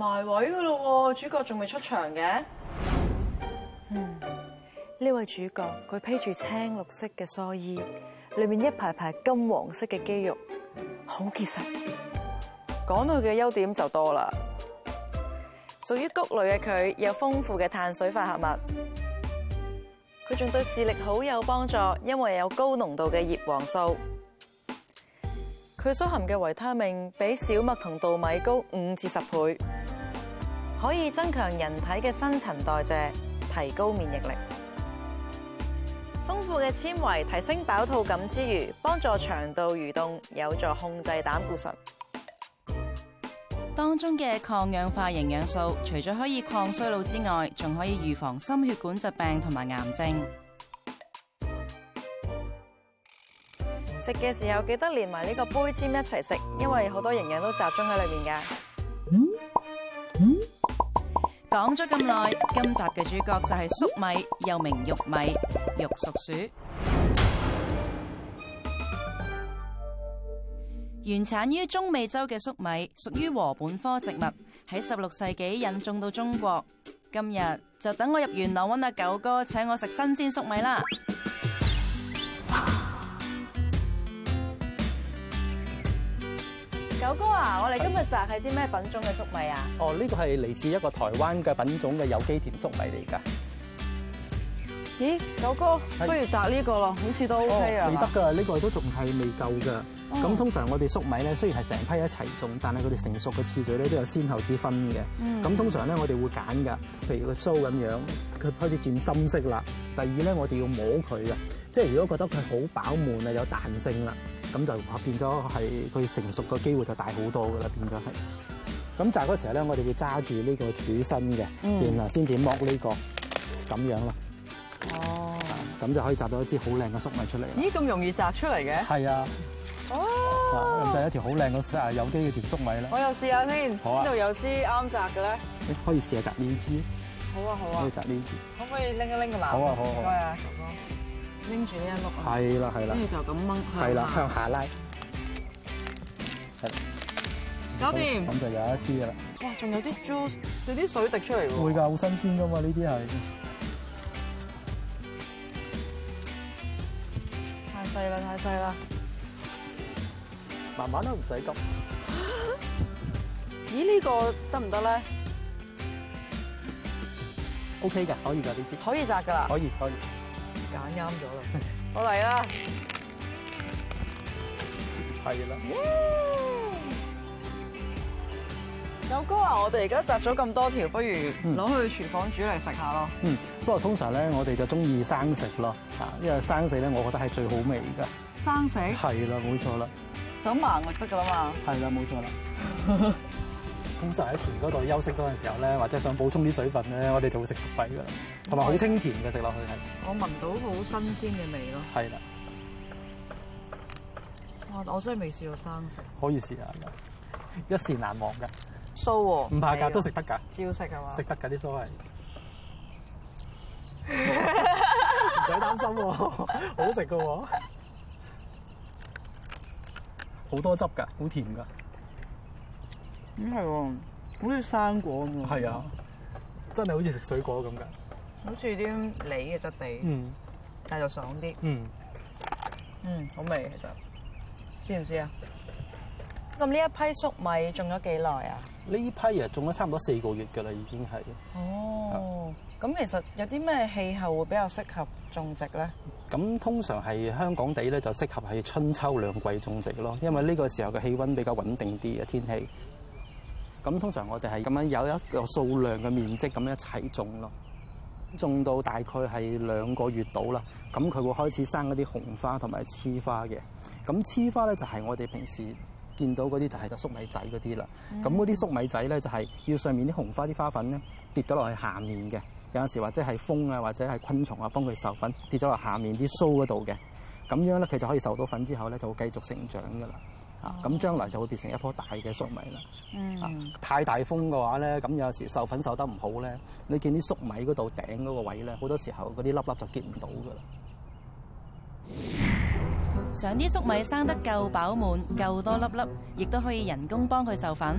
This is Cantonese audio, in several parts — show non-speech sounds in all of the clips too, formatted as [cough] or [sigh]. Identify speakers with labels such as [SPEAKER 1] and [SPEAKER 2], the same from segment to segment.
[SPEAKER 1] 埋位噶咯，主角仲未出場嘅。嗯，呢位主角佢披住青綠色嘅蓑衣，裏面一排排金黃色嘅肌肉，好結實。講到佢嘅優點就多啦。屬於谷類嘅佢有豐富嘅碳水化合物，佢仲對視力好有幫助，因為有高濃度嘅葉黃素。佢所含嘅維他命比小麥同稻米高五至十倍。可以增強人體嘅新陳代謝，提高免疫力。豐富嘅纖維提升飽肚感之餘，幫助腸道蠕動，有助控制膽固醇。當中嘅抗氧化營養素，除咗可以抗衰老之外，仲可以預防心血管疾病同埋癌症。食嘅時候記得連埋呢個杯尖一齊食，因為好多營養都集中喺裏面噶。講咗咁耐，今集嘅主角就係粟米，又名玉米、玉蜀黍。原產於中美洲嘅粟米，屬於禾本科植物，喺十六世紀引種到中國。今日就等我入元朗揾阿九哥，請我食新鮮粟米啦。九哥啊，我哋今日
[SPEAKER 2] 摘係啲咩品種嘅粟米啊？哦，呢個係嚟自一個台灣嘅品種嘅有機甜粟米嚟噶。咦，九
[SPEAKER 1] 哥，不如摘呢
[SPEAKER 2] 個咯，好似都 OK 啊？唔得噶，呢個都仲係未夠噶。咁通常我哋粟米咧，雖然係成批一齊種，但係佢哋成熟嘅次序咧都有先後之分嘅。咁通常咧，我哋會揀噶，譬如個鬚咁樣，佢開始轉深色啦。第二咧，我哋要摸佢噶，即係如果覺得佢好飽滿啊，有彈性啦。咁就變咗係佢成熟嘅機會就大好多噶啦，變咗係。咁摘嗰時候咧，我哋會揸住呢個柱身嘅，然後先點剝呢個咁樣咯。哦，咁就可以摘到一支好靚嘅粟米出嚟。哦、咦，
[SPEAKER 1] 咁容易摘出嚟嘅？
[SPEAKER 2] 係、哦、啊。哦。就一條好靚嘅有機嘅條粟米啦。我又
[SPEAKER 1] 試下先。好啊。呢度有支啱摘嘅咧。
[SPEAKER 2] 你可以試下摘呢支。好啊好啊。呢個摘呢支。可唔
[SPEAKER 1] 可以拎一拎個籃？好啊好啊。好啊好啊好啊好啊。拎住呢一碌啊！係啦，係啦，跟住就咁
[SPEAKER 2] 掹，係啦，
[SPEAKER 1] 向下拉，係，搞掂。咁
[SPEAKER 2] 就有一支啦。
[SPEAKER 1] 哇，仲有啲 juice，有啲水滴出嚟喎。會
[SPEAKER 2] 噶，好新鮮噶嘛，呢啲係。太細啦，太細啦。慢慢都唔使急。咦？呢個得唔得咧？OK 嘅，可以噶呢支。可以摘噶啦。可以，可以。
[SPEAKER 3] 揀啱
[SPEAKER 2] 咗啦！我嚟啦，係啦。
[SPEAKER 1] 有哥話：我哋而家摘咗咁多條，不如攞去廚房煮嚟食下咯。嗯，
[SPEAKER 2] 不過通常咧，我哋就中意生食咯。啊，因為生食咧，我覺得係最好味噶。
[SPEAKER 1] 生食係啦，冇錯啦。走盲咪得噶啦嘛。
[SPEAKER 2] 係啦，冇錯啦。 [laughs] 通常喺田嗰度休息嗰陣時候咧，或者想補充啲水分咧，我哋就會食粟米㗎，同埋好清甜嘅食落去係。
[SPEAKER 1] 我聞到好新鮮嘅味咯。係啦。我雖然未試過生食，
[SPEAKER 2] 可以試下，一時難忘嘅。酥喎、啊？唔怕㗎，都食得㗎。照食係嘛？食得㗎，啲酥係。唔使擔心喎，好食嘅喎，好多汁㗎，好甜㗎。咁、嗯、係，好似生果咁。係啊，真係好似食水果咁嘅。
[SPEAKER 1] 好似啲梨嘅質地，
[SPEAKER 2] 嗯，
[SPEAKER 1] 但就爽啲。嗯，嗯，好味其實，知唔知啊？咁呢一批粟米種咗幾耐啊？
[SPEAKER 2] 呢批啊，種咗差唔多四個月㗎啦，已經係。哦，
[SPEAKER 1] 咁其實有啲咩氣候會比較適合種植咧？
[SPEAKER 2] 咁通常係香港地咧，就適合喺春秋兩季種植咯，因為呢個時候嘅氣温比較穩定啲嘅天氣。咁通常我哋係咁樣有一個數量嘅面積，咁樣一齊種咯，種到大概係兩個月到啦，咁佢會開始生嗰啲雄花同埋雌花嘅。咁雌花咧，就係我哋平時見到嗰啲就係個粟米仔嗰啲啦。咁嗰啲粟米仔咧，就係要上面啲雄花啲花粉咧，跌咗落去下面嘅。有陣時候或者係蜂啊，或者係昆蟲啊幫佢授粉，跌咗落下面啲須嗰度嘅。咁樣咧，佢就可以授到粉之後咧，就會繼續成長噶啦。啊，咁將來就會變成一棵大嘅粟米啦。嗯。
[SPEAKER 4] 啊，
[SPEAKER 2] 太大風嘅話咧，咁有時受粉受得唔好咧，你見啲粟米嗰度頂嗰個位咧，好多時候嗰啲粒粒就結唔到噶啦。
[SPEAKER 1] 想啲粟米生得夠飽滿、夠多粒粒，亦都可以人工幫佢授粉。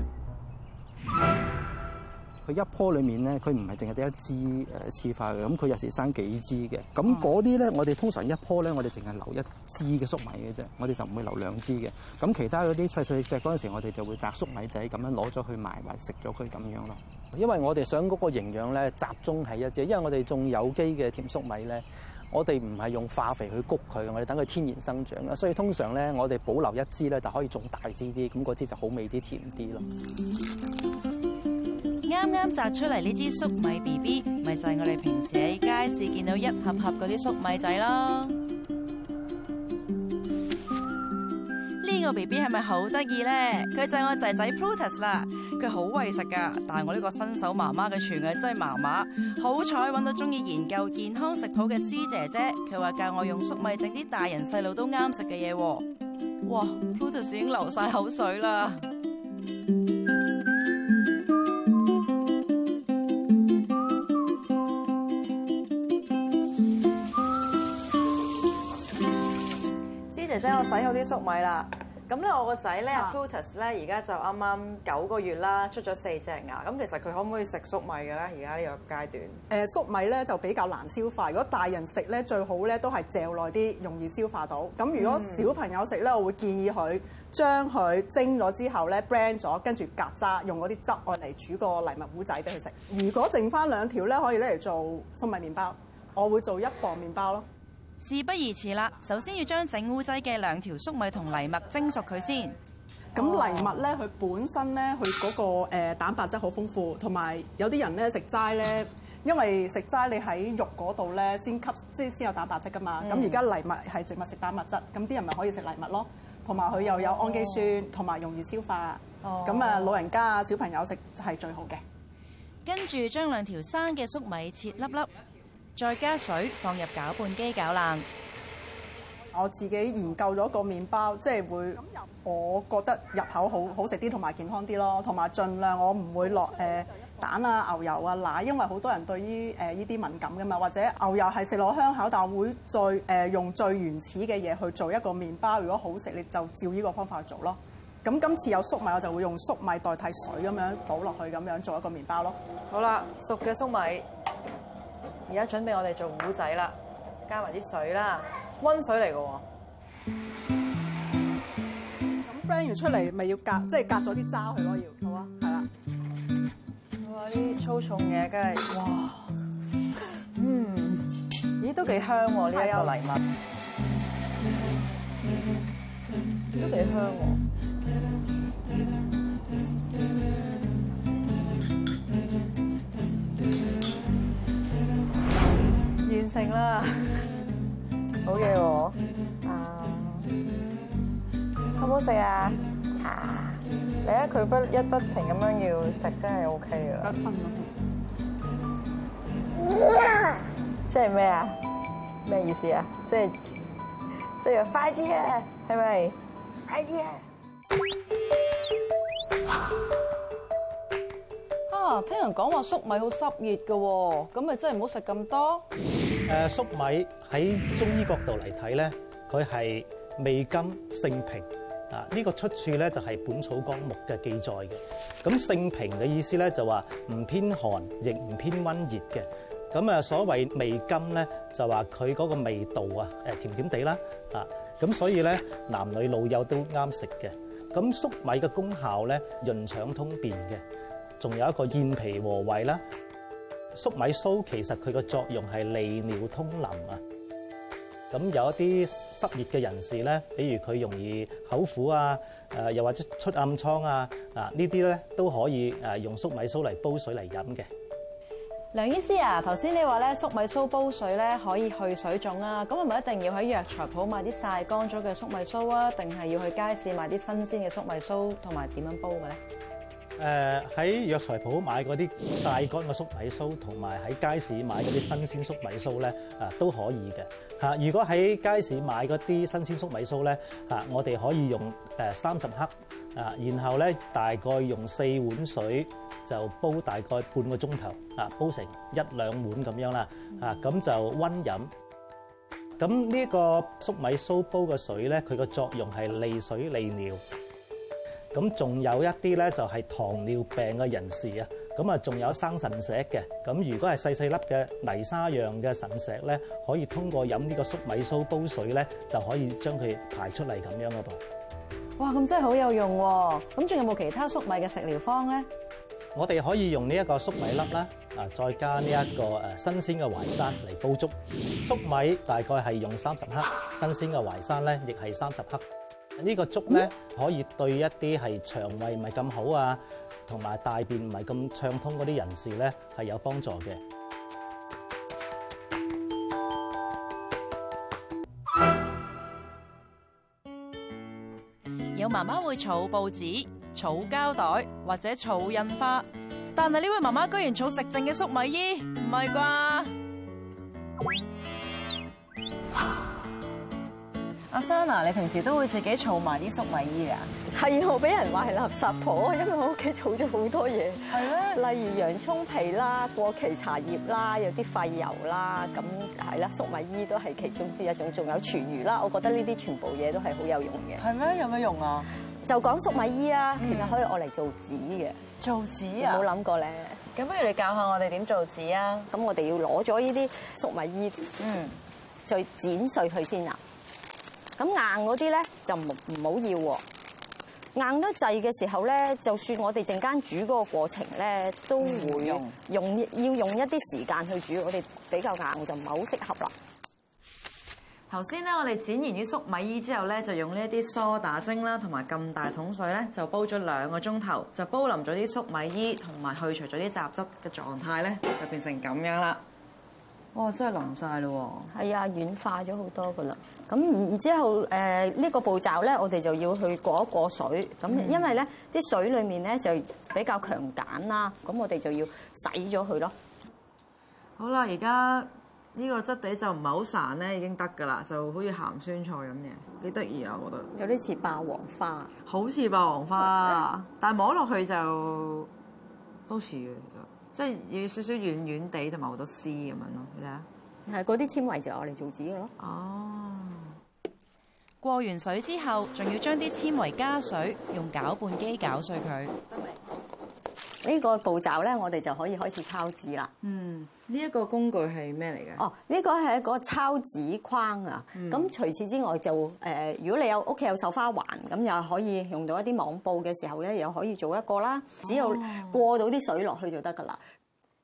[SPEAKER 2] 佢一棵裡面咧，佢唔係淨係得一支誒雌花嘅，咁佢有時生幾支嘅。咁嗰啲咧，我哋通常一棵咧，我哋淨係留一支嘅粟米嘅啫，我哋就唔會留兩支嘅。咁其他嗰啲細細隻嗰陣時，我哋就會摘粟米仔咁樣攞咗去埋埋食咗佢咁樣咯。因為我哋想嗰個營養咧集中喺一枝，因為我哋種有機嘅甜粟米咧，我哋唔係用化肥去谷佢，我哋等佢天然生長啊。所以通常咧，我哋保留一支咧就可以種大支啲，咁嗰枝就好味啲、
[SPEAKER 4] 甜啲咯。
[SPEAKER 1] 啱啱摘出嚟呢支粟米 BB，咪就係我哋平時喺街市見到一盒盒嗰啲粟米仔咯。呢個 BB 係咪好得意咧？佢就係我仔仔 Plutus 啦，佢好為食㗎，但係我呢個新手媽媽嘅廚藝真係麻麻。好彩揾到中意研究健康食譜嘅師姐姐，佢話教我用粟米整啲大人細路都啱食嘅嘢。哇，Plutus 已經流晒口水啦！啲粟米啦，咁咧我個仔咧，Pootus 咧，而、啊、家就啱啱九個月啦，出咗四隻牙。咁其實佢可唔可以食粟米嘅咧？而家呢個階段、
[SPEAKER 5] 呃，誒粟米咧就比較難消化。如果大人食咧，最好咧都係嚼耐啲，容易消化到。咁如果小朋友食咧，我會建議佢將佢蒸咗之後咧，brand 咗，跟住隔渣，用嗰啲汁嚟煮個藜麥糊仔俾佢食。如果剩翻兩條咧，可以咧嚟做粟米麵包。我會做一磅麵包咯。
[SPEAKER 1] 事不宜遲啦，首先要將整烏雞嘅兩條粟米同藜麥蒸熟佢先。
[SPEAKER 5] 咁藜麥咧，佢本身咧，佢嗰個誒蛋白質好豐富，同埋有啲人咧食齋咧，因為食齋你喺肉嗰度咧先吸，即係先有蛋白質㗎嘛。咁而家藜麥係植物食蛋白質，咁啲人咪可以食藜麥咯。同埋佢又有氨基酸，同、哦、埋容易消化。哦。咁啊，老人家啊，小朋友食係最好嘅。
[SPEAKER 1] 跟住將兩條生嘅粟米切粒粒。再加水，放入攪拌機攪爛。
[SPEAKER 5] 我自己研究咗個麵包，即係會，我覺得入口好好食啲，同埋健康啲咯。同埋盡量我唔會落誒、呃、蛋啊、牛油啊、奶，因為好多人對於誒呢啲敏感噶嘛。或者牛油係食落香口，但會再誒、呃、用最原始嘅嘢去做一個麵包。如果好食，你就照呢個方法做咯。咁今次有粟米，我就會用粟米代替水咁樣倒落去，咁樣做一個麵包咯。
[SPEAKER 1] 好啦，熟嘅粟米。而家準備我哋做糊仔啦，加埋啲水啦，溫水嚟嘅
[SPEAKER 4] 喎。
[SPEAKER 5] 咁 blend 完出嚟，咪要隔，即係隔咗啲渣去咯，要。好啊，係啦。哇！啲粗重嘢，真係
[SPEAKER 4] 哇，
[SPEAKER 1] 嗯，咦，都幾香喎，啊！呢一、啊這個禮物，都幾香喎，啊。完成啦，好嘢
[SPEAKER 4] 喎，
[SPEAKER 1] 啊，好唔好食啊？啊，嚟啊！佢不一不停咁樣要食，真係 O K 噶啦。即係咩啊？咩意思啊？即係即係快啲啊？係咪？
[SPEAKER 6] 快啲
[SPEAKER 1] 啊！啊，聽人講話粟米好濕熱噶，咁咪真係唔好食咁多。
[SPEAKER 4] 誒、呃、粟米喺中醫角度嚟睇咧，佢係味甘性平啊！呢、這個出處咧就係、是《本草綱目》嘅記載嘅。咁性平嘅意思咧就話唔偏寒亦唔偏溫熱嘅。咁啊，啊，所謂味甘咧，就話佢嗰個味道啊誒甜點地啦啊！咁所以咧，男女老幼都啱食嘅。咁粟米嘅功效咧，潤腸通便嘅，仲有一個健脾和胃啦。粟米鬚其實佢個作用係利尿通淋啊！咁有一啲濕熱嘅人士咧，比如佢容易口苦啊，誒又或者出暗瘡啊，啊呢啲咧都可以誒用粟米鬚嚟煲水嚟飲嘅。
[SPEAKER 1] 梁醫師啊，頭先你話咧粟米鬚煲水咧可以去水腫啊，咁係咪一定要喺藥材鋪買啲曬乾咗嘅粟米鬚啊，定係要去街市買啲新鮮嘅粟米鬚，同埋點樣煲嘅咧？
[SPEAKER 4] 誒喺藥材鋪買嗰啲曬乾嘅粟米鬚，同埋喺街市買嗰啲新鮮粟米鬚咧，啊都可以嘅。嚇，如果喺街市買嗰啲新鮮粟米鬚咧，嚇我哋可以用誒三十克啊，然後咧大概用四碗水就煲大概半個鐘頭啊，煲成一兩碗咁樣啦。啊，咁就溫飲。咁呢個粟米鬚煲嘅水咧，佢個作用係利水利尿。咁仲有一啲咧，就係糖尿病嘅人士啊，咁啊仲有生腎石嘅，咁如果係細細粒嘅泥沙樣嘅腎石咧，可以通過飲呢個粟米鬚煲水咧，就可以將佢排出嚟咁樣嘅噃。
[SPEAKER 1] 哇！咁真係好有用喎！咁仲有冇其他粟米嘅食療方咧？
[SPEAKER 4] 我哋可以用呢一個粟米粒啦，啊，再加呢一個誒新鮮嘅淮山嚟煲粥。粟米大概係用三十克新鮮嘅淮山咧，亦係三十克。呢、這個粥咧，可以對一啲係腸胃唔係咁好啊，同埋大便唔係咁暢通嗰啲人士咧，係有幫助嘅。
[SPEAKER 1] 有媽媽會儲報紙、儲膠袋或者儲印花，但係呢位媽媽居然儲食剩嘅粟米衣，唔係啩？
[SPEAKER 3] 嗱，你平時都會自己儲埋啲粟米衣啊？係，我俾人話係垃圾婆，因為我屋企儲咗好多嘢。係，例如洋葱皮啦、過期茶葉啦、有啲廢油啦，咁係啦，粟米衣都係其中之一種，仲有廚餘啦。我覺得呢啲全部嘢都係好有用嘅。係咩？有咩用啊？就講粟米衣啊，其實可以攞嚟做紙嘅。做紙啊？冇諗過咧。咁不如你教下我哋點做紙啊？咁我哋要攞咗呢啲粟米衣，嗯，再剪碎佢先啊。咁硬嗰啲咧就唔唔好要喎、啊，硬得滯嘅時候咧，就算我哋陣間煮嗰個過程咧，都會用要用要用一啲時間去煮，我哋比較硬就唔係好適合啦。
[SPEAKER 1] 頭先咧，我哋剪完啲粟米衣之後咧，就用呢一啲梳打精啦，同埋咁大桶水咧，就煲咗兩個鐘頭，就煲腍咗啲粟米衣，同埋去除咗啲雜質嘅狀態咧，就變成咁樣
[SPEAKER 3] 啦。哇！真係淋晒咯喎，係啊，軟化咗好多噶啦。咁然之後，誒、呃、呢、呢個步驟咧，我哋就要去過一過水。咁、嗯、因為咧，啲水裡面咧就比較強鹼啦，咁我哋就要洗咗佢咯。
[SPEAKER 1] 好啦，而家呢個質地就唔係好散咧，已經得噶啦，就好似鹹酸菜咁嘅，幾得意啊！我覺得有啲似霸王花，好似霸王花，但摸落去就都似嘅。即係要少少軟軟地，同埋好多絲咁樣咯，你睇
[SPEAKER 3] 下。係嗰啲纖維就係我哋做紙嘅咯。哦。
[SPEAKER 1] 過完水之後，仲要將啲纖維加水，用攪拌機攪碎佢。
[SPEAKER 3] 呢、這個步驟咧，我哋就可以開始抄紙啦。嗯，呢、這、一個工具係咩嚟嘅？哦，呢、這個係一個抄紙框啊。咁、嗯、除此之外就，就、呃、如果你有屋企有繡花環，咁又可以用到一啲網布嘅時候咧，又可以做一個啦。只要過到啲水落去就得噶啦。哦哦。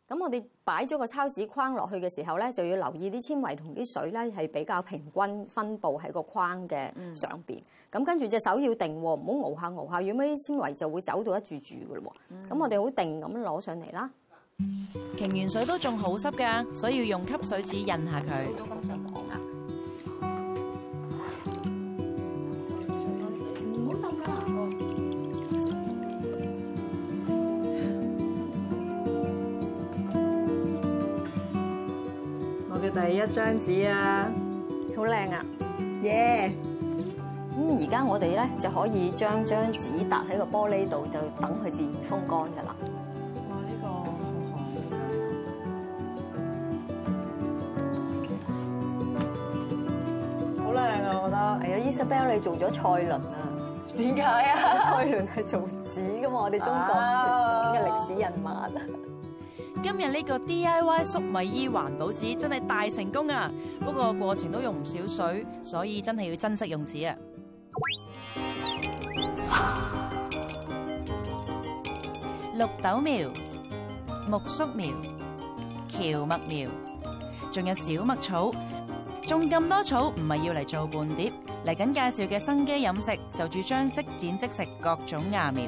[SPEAKER 3] 咁我哋擺咗個抄紙框落去嘅時候咧，就要留意啲纖維同啲水咧係比較平均分布喺個框嘅上邊。咁跟住隻手要定喎，唔好熬下熬下，要咩要啲纖維就會走到一住住嘅嘞。咁、嗯、我哋好定咁攞上嚟啦。隔完水都仲好濕㗎，所以要用吸水紙印下佢。第一張紙啊，好靚啊，耶！咁而家我哋咧就可以將張紙搭喺個玻璃度，就等佢自然風乾㗎喇。哇、啊！呢個好好啊，好靚啊，我覺得。哎呀，Isabel，你做咗蔡倫
[SPEAKER 1] 啊？點解啊？蔡倫
[SPEAKER 3] 係做紙嘅嘛，我哋中國嘅歷史人物。
[SPEAKER 1] 今日呢個 D I Y 粟米衣環保紙真係大成功啊！不過過程都用唔少水，所以真係要珍惜用紙啊！綠豆苗、苜蓿苗、蕎麥苗，仲有小麥草，種咁多草唔係要嚟做伴碟。嚟緊介紹嘅生機飲食，就主張即剪即食各種芽苗。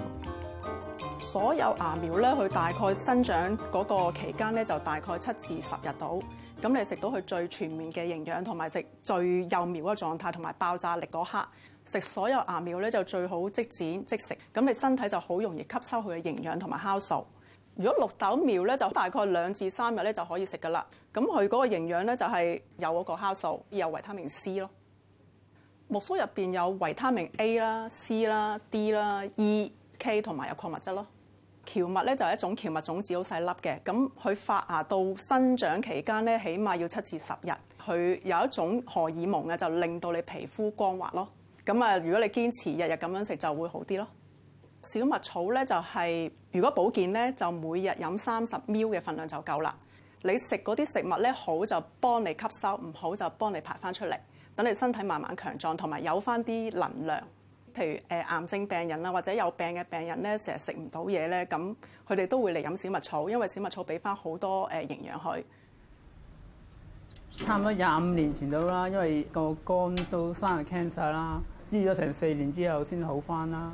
[SPEAKER 5] 所有芽苗咧，佢大概生長嗰個期間咧，就大概七至十日度。咁你食到佢最全面嘅營養，同埋食最幼苗嗰個狀態，同埋爆炸力嗰刻，食所有芽苗咧就最好即剪即食。咁你身體就好容易吸收佢嘅營養同埋酵素。如果綠豆苗咧，就大概兩至三日咧就可以食㗎喇。咁佢嗰個營養咧就係、是、有嗰個酵素，有維他命 C 咯。苜蓿入邊有維他命 A 啦、C 啦、D 啦、E、K 同埋有礦物質咯。蕎麥咧就係一種蕎麥種子好細粒嘅，咁佢發芽到生長期間咧，起碼要七至十日。佢有一種荷爾蒙啊，就令到你皮膚光滑咯。咁啊，如果你堅持日日咁樣食，就會好啲咯。小麥草咧就係、是、如果保健咧，就每日飲三十 ml 嘅份量就夠啦。你食嗰啲食物咧好就幫你吸收，唔好就幫你排翻出嚟，等你身體慢慢強壯，同埋有翻啲能量。譬如誒癌症病人啊，或者有病嘅病人咧，成日食唔到嘢咧，咁佢哋都會嚟飲小麥草，因為小麥草俾翻好多誒營養佢。
[SPEAKER 2] 差唔多廿五年前到啦，因為個肝都生咗癌 cancer 啦，醫咗成四年之後先好翻啦。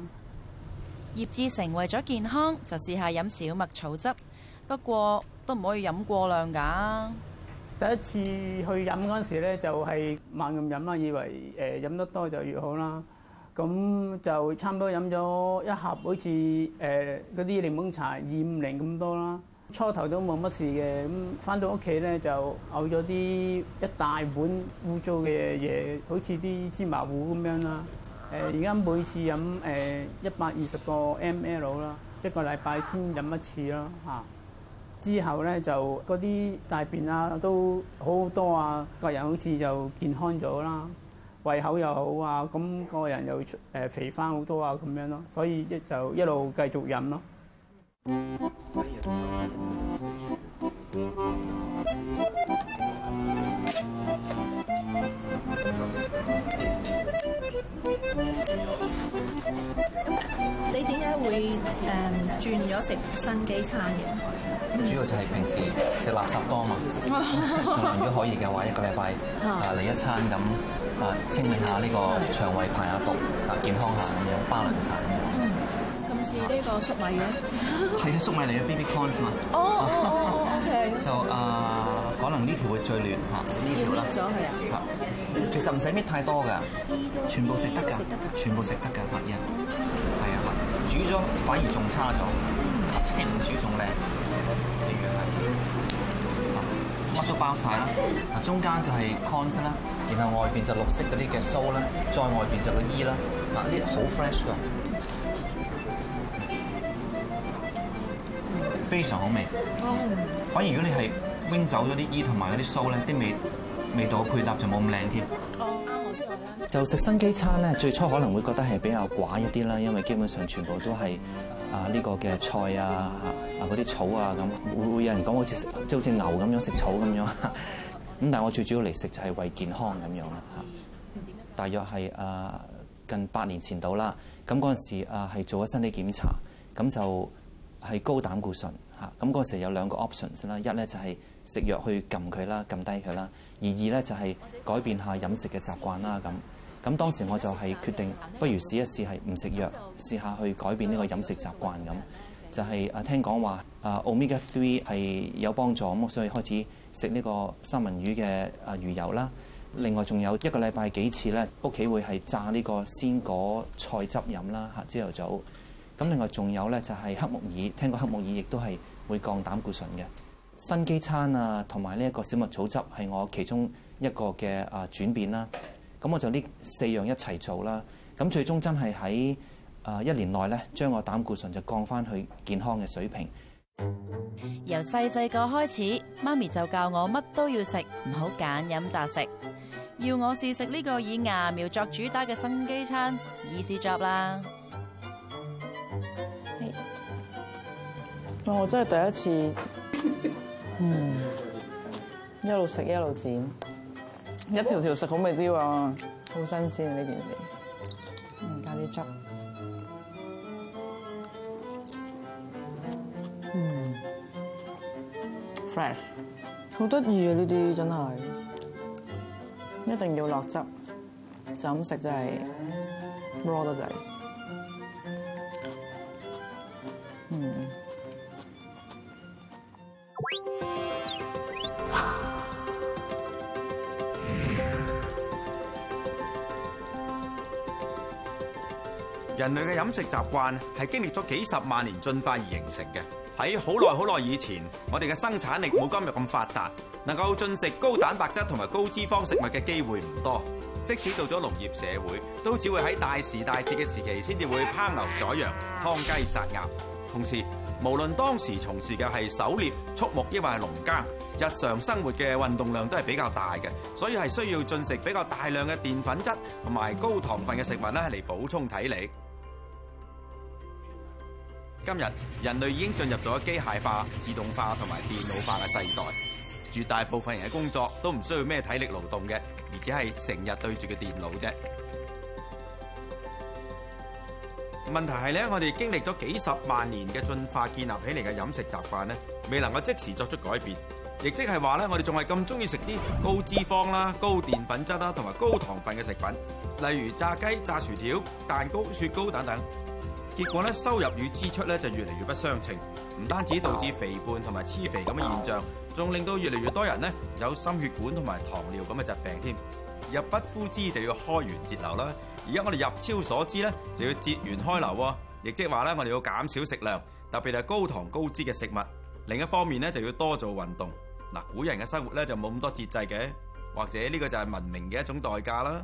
[SPEAKER 1] 葉志成為咗健康就試下飲小麥草汁，不過都唔可以飲過量㗎。第
[SPEAKER 2] 一次去飲嗰陣時咧，就係猛咁飲啦，以為誒飲得多就越好啦。咁就差唔多飲咗一盒好，好似誒嗰啲檸檬茶二五零咁多啦。初頭都冇乜事嘅，咁翻到屋企咧就嘔咗啲一大碗污糟嘅嘢，好似啲芝麻糊咁樣啦。誒而家每次飲誒一百二十個 mL 啦，一個禮拜先飲一次咯、嚇、之後咧就嗰啲大便啊都好好多啊，個人好似就健康咗啦。胃口又好啊，咁個人又誒肥返好多啊，咁樣咯、啊，所以一就一路繼續飲咯。 [music]
[SPEAKER 1] 你點解會誒、
[SPEAKER 5] 嗯、轉咗食新機餐嘅？主
[SPEAKER 7] 要就係平時食垃圾多嘛。
[SPEAKER 5] [laughs] 如果
[SPEAKER 7] 可以嘅話，一個禮拜啊嚟一餐咁啊，清理下呢個腸胃排下、啊、毒、啊，健康一下咁樣。巴倫茶。
[SPEAKER 5] 今次呢個粟
[SPEAKER 4] 米
[SPEAKER 7] 嘅、啊。係啊， [laughs] 粟米嚟嘅 BB Corns 嘛。
[SPEAKER 5] 哦、oh,
[SPEAKER 4] oh, oh,，OK。就
[SPEAKER 7] 啊。可能呢條會最嫩嚇，呢條啦。要搣咗佢啊！嚇，其實唔使搣太多噶，
[SPEAKER 4] 全部食得㗎，
[SPEAKER 7] 全部食得㗎，嚇、嗯，依啊，係啊，煮咗反而仲差咗，即、嗯、唔煮仲靚。例、嗯、如，乜都包晒啦，嗱、嗯，中間就係 con 啦，然後外邊就綠色嗰啲嘅鬚啦，再外邊就個衣啦，嗱，呢啲好 fresh 㗎。非常
[SPEAKER 4] 好味。反而如果你係
[SPEAKER 7] 拎走咗啲衣同埋嗰啲蘇咧，啲味味道嘅配搭就冇咁靚添。哦，啱好
[SPEAKER 4] 之後咧，
[SPEAKER 7] 就食生機餐咧，最初可能會覺得係比較寡一啲啦，因為基本上全部都係啊呢個嘅菜啊、啊嗰啲草啊咁，會有人講好似即係好似牛咁樣食草咁樣。咁但係我最主要嚟食就係為健康咁樣啦。大約係啊近八年前到啦，咁嗰陣時啊係做咗身體檢查，咁就係高膽固醇。嚇！咁嗰時有兩個 options 啦，一咧就係食藥去撳佢啦，撳低佢啦；而二咧就係改變下飲食嘅習慣啦。咁咁當時我就係決定，不如試一試係唔食藥，試下去改變呢個飲食習慣咁。就係啊，聽講話啊，Omega three 係有幫助，咁所以開始食呢個三文魚嘅啊魚油啦。另外仲有一個禮拜幾次咧，屋企會係炸呢個鮮果菜汁飲啦。嚇，朝頭早。咁另外仲有咧，就係黑木耳。聽過黑木耳，亦都係會降膽固醇嘅生機餐啊，同埋呢一個小麥草汁，係我其中一個嘅啊轉變啦。咁我就呢四樣一齊做啦。咁最終真係喺啊一年內咧，將我膽固醇就降翻去健康嘅水平。
[SPEAKER 1] 由細細個開始，媽咪就教我乜都要食，唔好揀飲擇食。要我試食呢個以芽苗作主打嘅生機餐，以試作啦。我、哦、真係第一次，嗯，一路食一路剪，一條條食好味啲喎，好新鮮呢件事，加啲汁嗯，嗯，fresh，好得意啊呢啲真係，一定要落汁，就咁食
[SPEAKER 7] 就係撈得滯。
[SPEAKER 6] 人類嘅飲食習慣係經歷咗幾十萬年進化而形成嘅。喺好耐好耐以前，我哋嘅生產力冇今日咁發達，能夠進食高蛋白質同埋高脂肪食物嘅機會唔多。即使到咗農業社會，都只會喺大時大節嘅時期先至會烹牛宰羊、劏雞殺鴨。同時，無論當時從事嘅係狩獵、畜牧，抑或係農耕，日常生活嘅運動量都係比較大嘅，所以係需要進食比較大量嘅澱粉質同埋高糖分嘅食物咧嚟補充體力。今日人類已經進入咗機械化、自動化同埋電腦化嘅世代，絕大部分人嘅工作都唔需要咩體力勞動嘅，而只係成日對住個電腦啫。問題係咧，我哋經歷咗幾十萬年嘅進化建立起嚟嘅飲食習慣咧，未能夠即時作出改變，亦即係話咧，我哋仲係咁鍾意食啲高脂肪啦、高澱粉質啦同埋高糖分嘅食品，例如炸雞、炸薯條、蛋糕、雪糕等等。結果咧，收入與支出咧就越嚟越不相稱，唔單止導致肥胖同埋黐肥咁嘅現象，仲令到越嚟越多人咧有心血管同埋糖尿咁嘅疾病添。入不敷支就要開源節流啦，而家我哋入超所支咧就要節源開流，亦即係話咧，我哋要減少食量，特別係高糖高脂嘅食物。另一方面咧就要多做運動。嗱，古人嘅生活咧就冇咁多節制嘅，或者呢個就係文明嘅一種代價啦。